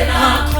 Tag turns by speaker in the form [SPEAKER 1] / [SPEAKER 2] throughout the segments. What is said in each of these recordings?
[SPEAKER 1] Será?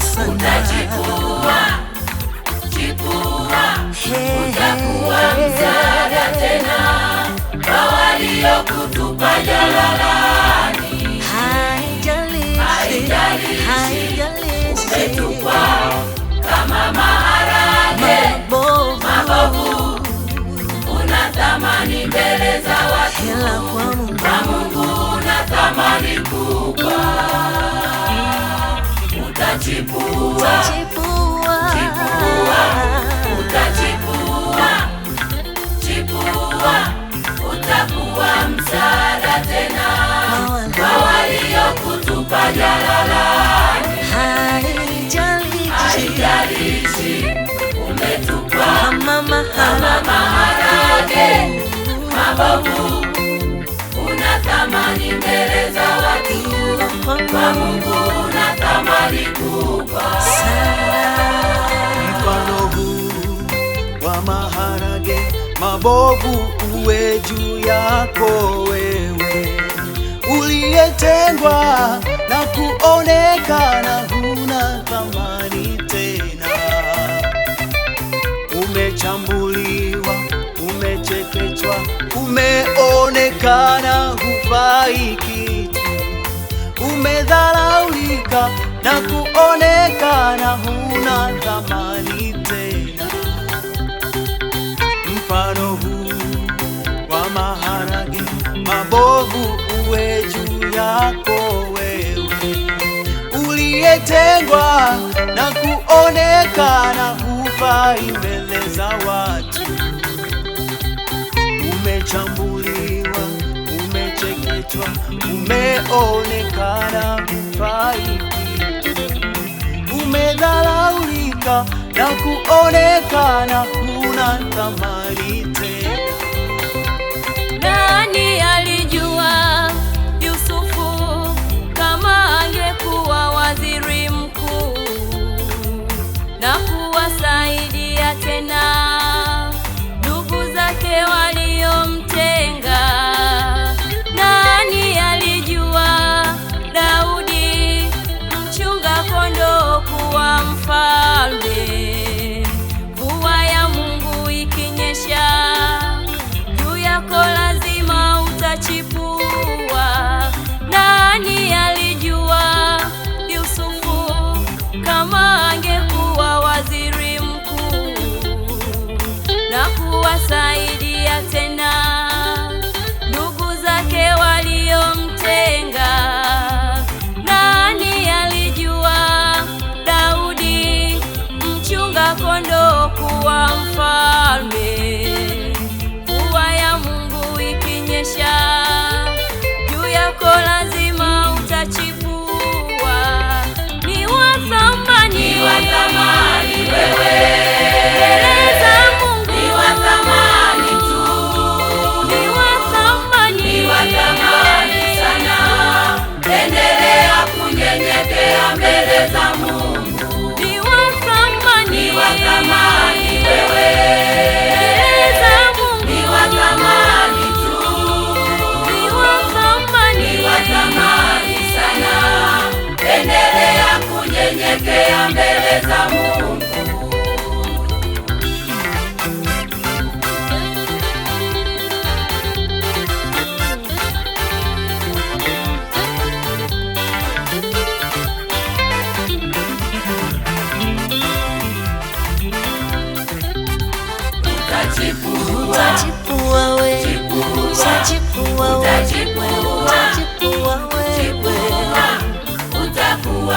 [SPEAKER 1] sana. Utajipua, jipua, utakuwa msaada tena kwa waliokutupa jalalani. Haijalishi, haijalishi umetupwa Chipua. chipua, Chipua. utachipua, chipua, utakuwa msaada tena kwa kutupa jalalani. Haijalishi umetupwa kama maharage mabovu, una thamani mbele za kwa Mungu na thamani kubwa
[SPEAKER 2] sana. Mfano huu wa maharage mabovu uwe juu yako wewe, uliyetengwa na kuonekana huna thamani tena, umechambuliwa, umechekechwa, umeonekana hufaiki umedhalaulika na kuonekana huna thamani tena. Mfano huu wa maharage mabovu uwe juu yako wewe uliyetengwa na kuonekana hufai mbele za watu. umeonekana kufaiki, umedharaulika na kuonekana huna thamani tena.
[SPEAKER 3] Nani alijua
[SPEAKER 1] kunyenyekea mbele za Mungu. utakuwa